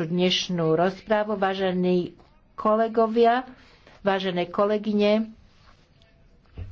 našu dnešnú rozprávu. Vážení kolegovia, vážené kolegyne,